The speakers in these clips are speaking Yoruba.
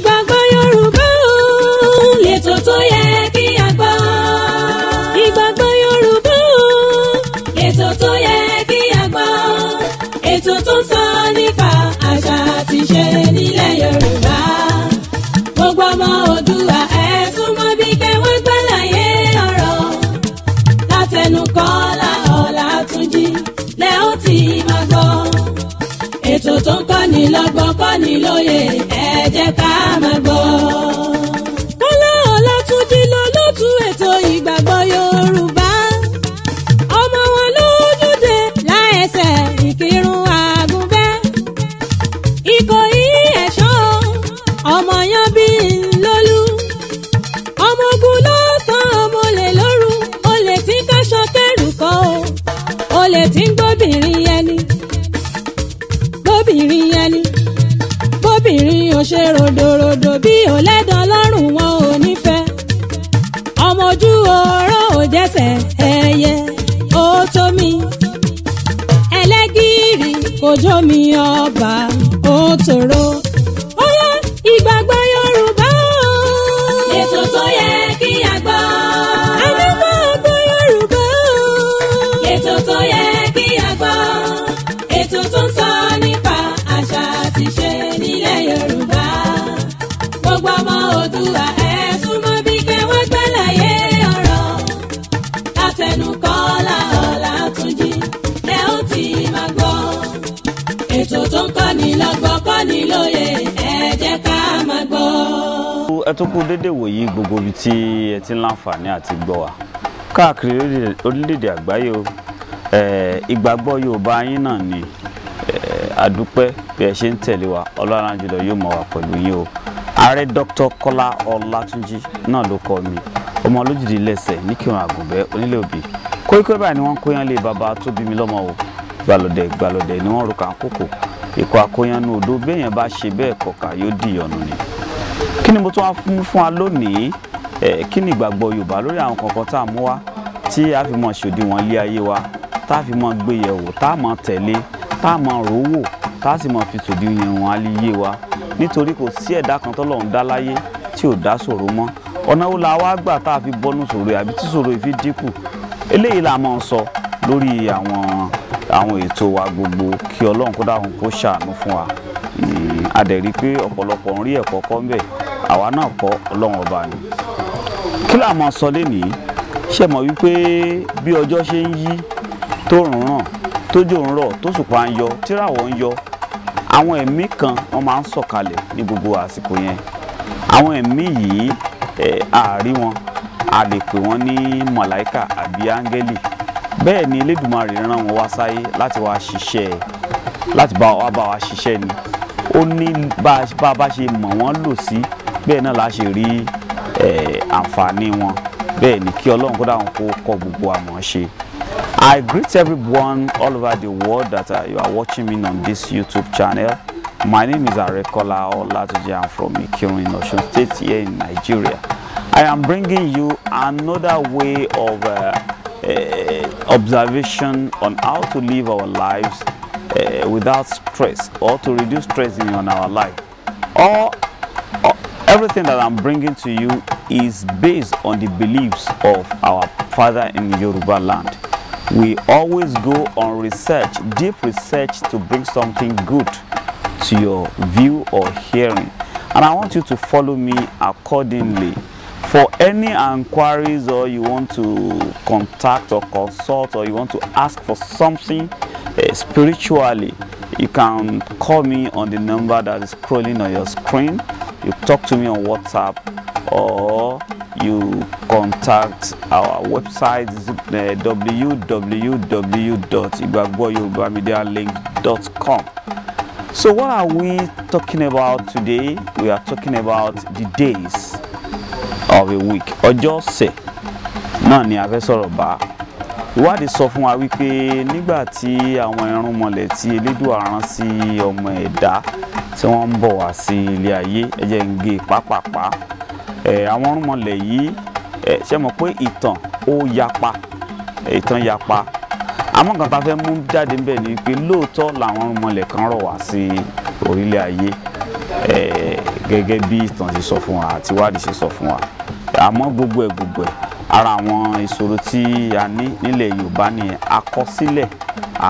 ìgbàgbọ́ Yorùbá. kọ́ni lọ́gbọ́n kọ́ni lóye ẹ jẹ́ ká máa gbọ́. ọjọ́ mi ọba ó tòrò. ó yá ìgbàgbọ́ Yorùbá o. ètò tó yẹ kí a gbọ́. àdàbọ̀ ọgbọ́ Yorùbá o. ètò tó yẹ kí a gbọ́. ètò tó ń sọ nípa àṣà àti ìṣe nílẹ̀ Yorùbá. gbogbo ọmọ Oòduà. lóye ẹ jẹ́ ká máa gbọ́. ẹ tó kú dédé wòyí gbogbo ibi tí ẹ ti ń láǹfààní àti gbọ́ wa káàkiri orílẹ̀-èdè àgbáyé o ìgbàgbọ́ Yorùbá yín náà ni àdúpẹ́ bí ẹ ṣe ń tẹ̀lé wa ọlọ́run jùlọ yóò mọ̀ wá pẹ̀lú yín o ààrẹ Dr. Kọ́lá Ọlátúnjí náà ló kọ mi ọmọ olójìdílẹ̀sẹ̀ ní kírun àgùnbẹ́ onílé òbí kóríkórí ni wọ́n ń kóyán lé bàbá tó bí mi lọ́mọ o gbàlódé gbàlódé ni wọ́n rò kàn kókò ikọ̀ àkóyanu odò béèyàn bá ṣe bẹ́ẹ̀ kọ̀ọ̀kà yóò di ọ̀nà ni kí ni mo tún wá mú fún wa lónìí kí ni ìgbàgbọ́ Yorùbá lórí àwọn kọ̀ọ̀kan tá a mú wá tí a fi mọ ṣòdiwọ̀n ilé ayé wa tá a fi mọ gbé yẹ̀wò tá a mọ tẹ̀lé tá a mọ rówó tá a sì mọ fi ṣòdiwọ̀n ayé wa nítorí kò sí ẹ̀dá kan tọ́lọ́run dá láyé tí ò dá ṣòro mọ́ ọ̀nà wo la wá gbà tá a fi bọ́nú ṣòro àbí tí ṣòro ìfi àwọn ètò wa gbogbo kí ọlọ́run kó dáhùn kó ṣàánú fún wa hmm, a dẹ̀ rí i pé ọ̀pọ̀lọpọ̀ ń rí ẹ̀kọ́ kọ́ ń bẹ̀ àwa náà kọ́ ọlọ́run ọba ni kí là máa sọ lénìí ṣe mọ̀ wípé bí ọjọ́ ṣe ń yí tó rùn ràn tójò ń rọ̀ tó ṣùpá ń yọ tíràwọ̀ ń yọ àwọn ẹ̀mí kan wọ́n máa ń sọ̀kalẹ̀ ní gbogbo àsìkò yẹn àwọn ẹ̀mí yìí àárí wọn a lè pè wọ́n ní màláíkà àbí áńgẹ́lì bẹ́ẹ̀ ni Elédùmarè rán wọn wá sáyé láti wá ṣiṣẹ́ láti bá wa bá wa ṣiṣẹ́ ni ó ní bá a bá ṣe mọ̀ wọ́n lò sí bẹ́ẹ̀ náà la rí àǹfààní wọn bẹ́ẹ̀ ni kí Ọlọ́run kó dáhùn kó kọ́ gbogbo àmọ́ ṣe. I greet everyone all over the world that uh, you are watching me on this YouTube channel. My name is Arekola Olatuji. I'm from Ikirun Osun State here in Nigeria. I am bringing you another way of uh, uh, observation on how to live our lives uh, without stress or to reduce stress in our life. All, all, everything that I'm bringing to you is based on the beliefs of our father in Yoruba land. We always go on research, deep research to bring something good to your view or hearing. And I want you to follow me accordingly. For any inquiries or you want to contact or consult or you want to ask for something uh, spiritually, you can call me on the number that is scrolling on your screen. You talk to me on WhatsApp or you contact our website uh, So what are we talking about today? We are talking about the days of a week ọjọ́ ọ̀sẹ̀ náà ni a fẹ́ sọ̀rọ̀ bá ìwádìí sọ fún wa wípé nígbà tí àwọn irúnmọlẹ̀ tí Elédùà rán sí ọmọ ẹ̀dá tí wọ́n ń bọ̀ wá sí ilé ayé ẹ jẹ́ ń gé e pápápá àwọn irúnmọlẹ̀ yìí ṣe mọ̀ pé ìtàn ó yapa ìtàn yapa àmọ́ nǹkan tá a fẹ́ mú jáde ń ni pé lóòótọ́ làwọn irúnmọlẹ̀ kan rọ̀ wá sí orílẹ̀ ayé gẹ́gẹ́ bí ìtàn ṣe sọ fún wa àti ìwádìí ṣe sọ fún wa àmọ́ gbogbo ẹ̀ gbogbo ẹ̀ ara àwọn ìṣòro tí a ní nílẹ̀ Yorùbá ni àkọsílẹ̀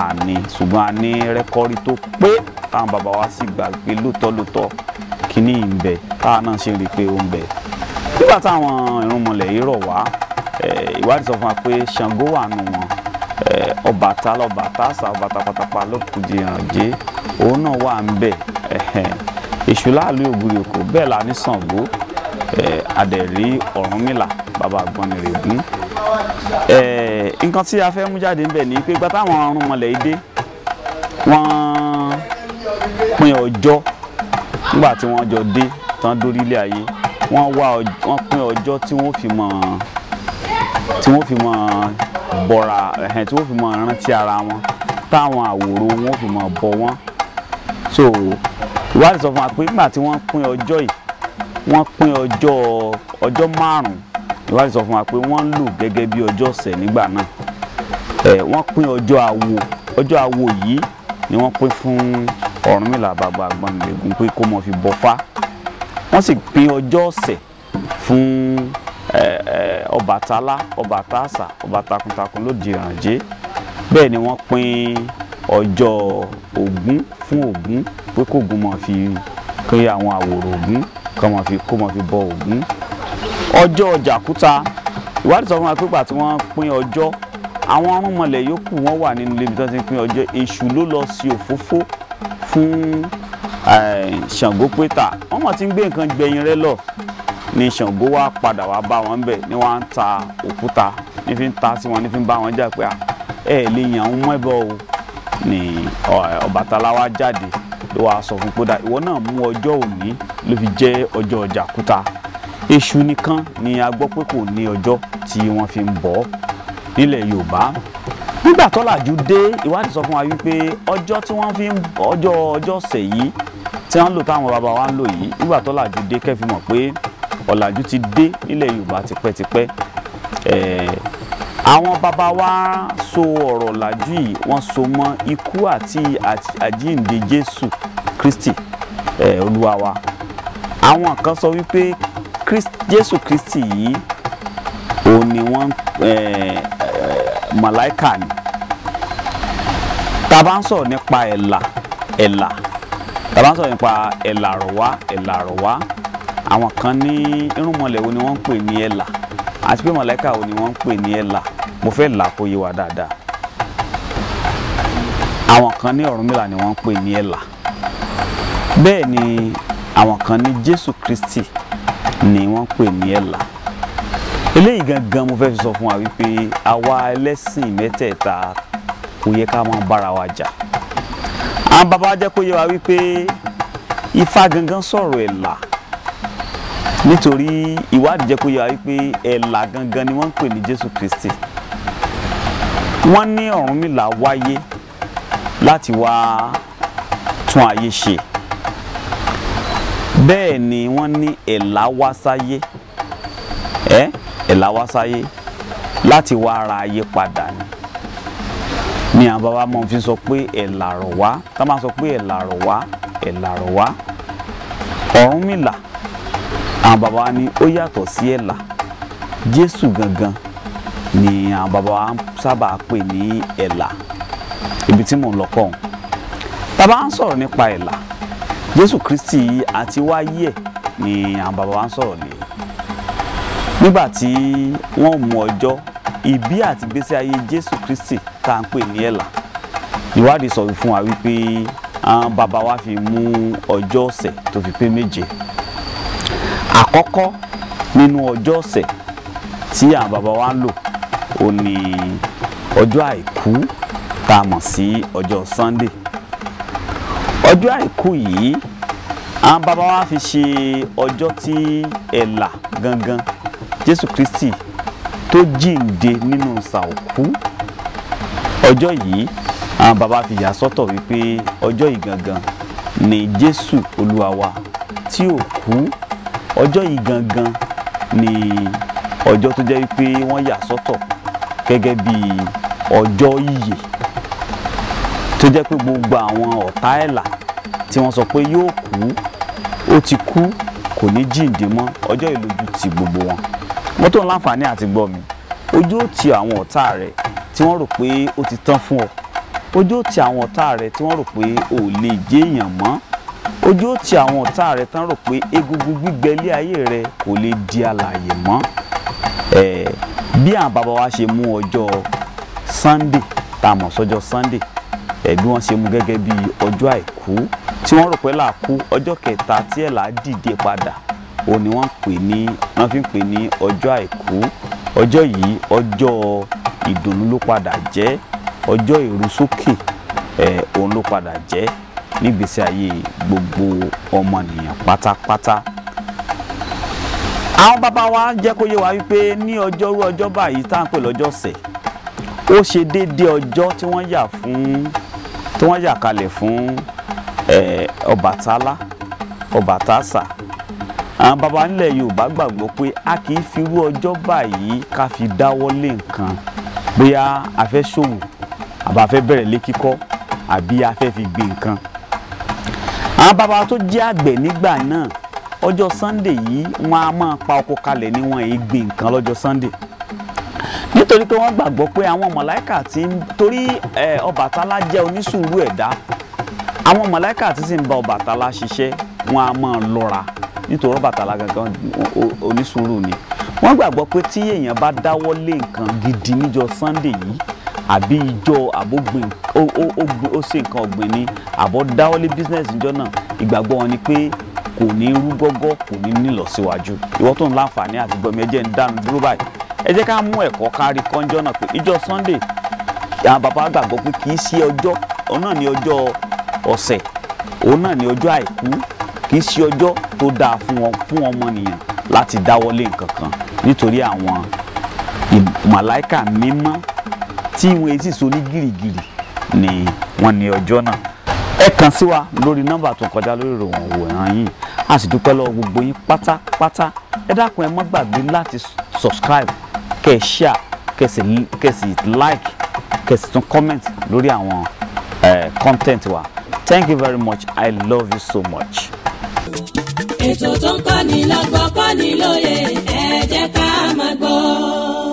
àní ṣùgbọ́n a ní rẹ́kọ́rí tó pé táwọn bàbá wa sì gbà pé lóòótọ́ lóòótọ́ kíní ń bẹ táwọn náà ṣe rí i pé ó ń bẹ nígbà táwọn irúnmọlẹ̀ yìí rọ̀ wá ìwádìí sọ fún wa pé Ṣàngó wà nù wọn Ọbàtálá Ọbàtásà Ọbàtá pátápá lókùdìyànjé òun náà wà ń bẹ Èṣù láàlú ògùrì òkò bẹ́ẹ̀ la ní Ṣàngó adẹ̀rí Ọ̀rúnmìlà bàbá Àgbọnnìrègún nǹkan tí a fẹ́ mú jáde ń bẹ̀ ni pé gbàtà àwọn Ọ̀rúnmọlẹ̀ ìdè wọ́n pín ọjọ́ nígbà tí wọ́n jọ dé tán dórí ilé ayé wọ́n wá ọjọ́ tí wọ́n fi mọ̀ tí wọ́n tí wọ́n fi mọ̀ rántí ara wọn táwọn àwòrò wọn fi mọ̀ bọ̀ wọ́n so ìwádìí sọ fún wa pé nígbà tí wọ́n pín ọjọ́ yìí wọ́n pín ọjọ́ ọjọ́ márùn-ún ìwádìí sọ fún wa pé wọ́n ń lò gẹ́gẹ́ bí ọjọ́ ọ̀sẹ̀ nígbà náà wọ́n pín ọjọ́ awo ọjọ́ awo yìí ni wọ́n pín fún Ọ̀rúnmìlà bàbá Àgbọnnìlẹ́gùn pé kó mọ̀ fi bọfá wọ́n sì pín ọjọ́ ọ̀sẹ̀ fún Ọbàtálá Ọbàtásà ọba takuntakun lóde ìrànjẹ́ bẹ́ẹ̀ ni wọ́n pín ọjọ́ Ògún fún Ògún pé kógun mọ̀ fi kí àwọn àwòrán Ògún kó fi kó fi bọ Ògún ọjọ́ jàkúta ìwádìí sọ fún wa pé ìgbà tí wọ́n pín ọjọ́ àwọn arúnmọlẹ̀ yòókù wọ́n wà nínú ilé ibi tí wọ́n ti ń pín ọjọ́ èṣù ló lọ sí òfófó fún Ṣàngó pé ta wọ́n mọ̀ tí ń gbé nǹkan gbẹ̀yìn rẹ lọ ni Ṣàngó wá padà wá bá wọn bẹ̀ ni wọ́n á ń ta òkúta ní fi ń ta sí wọn ní fi ń bá wọn jà pé ẹ lè yàn án mọ́ ẹ̀bọ o ni Ọbàtálá jáde ló wàá sọ fún kódà ìwọ náà mú ọjọ́ òní ló fi jẹ́ ọjọ́ ọjà kúta èṣù nìkan ni a gbọ́ pé kò ní ọjọ́ tí wọ́n fi ń bọ̀ nílẹ̀ Yorùbá nígbà tọ́làjú dé ìwádìí sọ fún wa wípé ọjọ́ tí wọ́n fi ń bọ̀ ọjọ́ ọjọ́ ọ̀sẹ̀ yìí tí wọ́n ń lò táwọn bàbá wa ń lò yìí nígbà tọ́làjú dé kẹ́fì pé ọ̀làjú ti dé nílẹ̀ Yorùbá tipẹ́tipẹ́ ẹ̀ẹ́ àwọn bàbá wa so ọ̀rọ̀ làjú yìí wọ́n so mọ́ ikú àti àjíǹde Jésù Kristi eh, olúwa wa àwọn kan sọ wípé Jésù Kristi yìí òun ni wọ́n màláìkà ni tá a bá ń sọ̀rọ̀ nípa ẹ̀là ẹ̀là tá a bá ń sọ̀rọ̀ nípa ẹ̀là àrọ̀wá ẹ̀là àrọ̀wá àwọn kan ní irúnmọlẹ̀ wo ni wọ́n ń pè ní ẹ̀là àti pé màláìka wo ni wọ́n ń pè ní ẹ̀là mo fẹ́ là kó yé wa dáadáa àwọn kan ní Ọ̀rúnmìlà ni wọ́n ń pè ní ẹ̀là bẹ́ẹ̀ ni àwọn kan ní Jésù Kristi ni wọ́n ń pè ní ẹ̀là eléyìí gangan mo fẹ́ fi sọ fún wa wípé àwa ẹlẹ́sìn mẹ́tẹ̀ẹ̀ta kò yẹ ká máa bára wa jà àwọn bàbá jẹ́ kó yé wa wípé Ifá gangan sọ̀rọ̀ ẹ̀là nítorí ìwádìí jẹ́ kó yẹ wípé ẹ̀là gangan ni wọ́n ń pè ní Jésù Kristi wọ́n ní Ọ̀rúnmìlà wáyé láti wá tún ayé ṣe bẹ́ẹ̀ ni wọ́n ní ẹ̀là wá sáyé ẹ̀ ẹ̀là wá sáyé láti wá ra ayé padà ni ni àwọn bàbá máa fi sọ pé ẹ̀là rọ̀ wá tá máa sọ pé ẹ̀là rọ̀ wá ẹ̀là rọ̀ wá Ọ̀rúnmìlà àwọn bàbá wa ní ó yàtọ̀ sí ẹ̀là jésù gangan ni àwọn bàbá wa sábà pè ní ẹ̀là ibi tí mò ń lọ kọ́ ọ̀hún tàbá ń sọ̀rọ̀ nípa ẹ̀là jésù kristi àti wáyé ẹ̀ ni àwọn bàbá wa ń sọ̀rọ̀ ní nígbà tí wọ́n mú ọjọ́ ìbí àti ìgbésí ayé jésù kristi tá à ń pè ní ẹ̀là ìwádìí sọ fún wa wípé àwọn bàbá wa fi mú ọjọ́ ọ̀sẹ̀ tó fi pé méje àkọ́kọ́ nínú ọjọ́ ọ̀sẹ̀ tí àwọn bàbá wa ń lò ó ní ọjọ́ àìkú tá a mọ̀ sí ọjọ́ Sunday ọjọ́ àìkú yìí àwọn bàbá wa fi ṣe ọjọ́ tí ẹ̀là gangan Jésù Kristi tó jíǹde nínú sàòkú ọjọ́ yìí àwọn bàbá fi yà sọ́tọ̀ wípé ọjọ́ yìí gangan ni Jésù Olúwa wa tí ò kú ọjọ́ yìí gangan ni ọjọ́ tó jẹ́ wípé wọ́n yà sọ́tọ̀ gẹ́gẹ́ bí ọjọ́ ìyè tó jẹ́ pé gbogbo àwọn ọ̀tá ẹ̀là tí wọ́n sọ pé yóò kú ó ti kú kò ní jíǹde mọ́ ọjọ́ yìí lójú ti gbogbo wọn mọ́tò láǹfààní àti gbọ́ mi ojú ó ti àwọn ọ̀tá rẹ̀ tí wọ́n rò pé ó ti tán fún ọ ojú ó ti àwọn ọ̀tá rẹ̀ tí wọ́n rò pé ò lè jẹ́ èèyàn mọ́ ojú ó ti àwọn ọ̀tá rẹ tán rò pé egungun gbígbẹ ilé ayé rẹ kò lè di alààyè mọ́ bí àwọn bàbá wa ṣe mú ọjọ́ Sunday tá a mọ̀ sọ́jọ́ Sunday ẹ̀bí wọ́n ṣe mú gẹ́gẹ́ bí ọjọ́ àìkú tí wọ́n rò pé làákú ọjọ́ kẹta tí ẹ̀ là á dìde padà ó ní wọ́n pè ní wọ́n fi ń pè ní ọjọ́ àìkú ọjọ́ yìí ọjọ́ ìdùnnú ló padà jẹ́ ọjọ́ ìrusókè ẹ̀ òun ló padà jẹ́ nígbésí ayé gbogbo ọmọnìyàn pátápátá àwọn bàbá wa jẹ́ kó yé wa wípé ní ọjọ́rú ọjọ́ báyìí tá à ń pè lọ́jọ́ sẹ̀ ó ṣe déédéé ọjọ́ tí wọ́n yà fún tí wọ́n yà kalẹ̀ fún Ọbàtálá Ọbàtásà àwọn bàbá nílẹ̀ Yorùbá gbàgbọ́ pé a kì í fi irú ọjọ́ báyìí ká fi dáwọ́ lé nǹkan bóyá a fẹ́ ṣòwò àbá a fẹ́ bẹ̀rẹ̀ lé kíkọ́ àbí a fẹ́ fi gbé nǹkan àwọn bàbá tó jẹ́ àgbẹ̀ nígbà náà ọjọ́ sunday yìí wọ́n á máa pa oko kalẹ̀ ní wọn èyí gbìn nǹkan lọ́jọ́ sunday nítorí pé wọ́n gbàgbọ́ pé àwọn mọ̀láìkà tí ń torí ọbàtálá jẹ́ onísùúrù ẹ̀dá àwọn mọ̀láìkà tí sì ń bá ọbàtálá ṣiṣẹ́ wọ́n á máa lọ́ra nítorí ọbàtálá gangan onísùúrù ni wọ́n gbàgbọ́ pé tí èèyàn bá dáwọ́ lé nǹkan gidi níjọ́ sunday yìí àbí ìjọ àbógbìn ó ṣe nǹkan ọ̀gbìn ni àbọ̀ dáwọ́lé business ìjọ náà ìgbàgbọ́ wọn ni pé kò ní rú gọ́gọ́ kò ní nílọsíwájú ìwọ tó ń láǹfààní àti gbọmí ẹjẹ ń dánu dúró báyìí ẹ jẹ́ ká mú ẹ̀kọ́ kárí kọ́njọ́ náà pé ìjọ Sunday àwọn bàbá gbàgbọ́ pé kì í ṣe ọjọ́ òun náà ni ọjọ́ ọ̀sẹ̀ òun náà ni ọjọ́ àìkú kì í ṣe ọjọ́ tó dáa fún ọmọnìyàn láti dáwọ́lé nǹkan kan nítorí àwọn màláìkà mímọ́ tí ìwọ̀n etí so ní gìrìgìrì ni wọ́n ní ọjọ́ náà ẹ kàn sí wa lórí nọ́mbà tó kọjá lórí ìròyìn òwòrán yìí a sì dúpẹ́ lọ́wọ́ gbogbo yín pátápátá ẹ dákun ẹ má gbàgbé láti subscribe kẹ́ ẹ share sì like kẹ́ sì tún comment lórí àwọn content wa thank you very much i love you so much. ètò tó ń kọ́ni lọ́gbọ́n kọ́ni lóye ẹ jẹ́ ká máa gbọ́.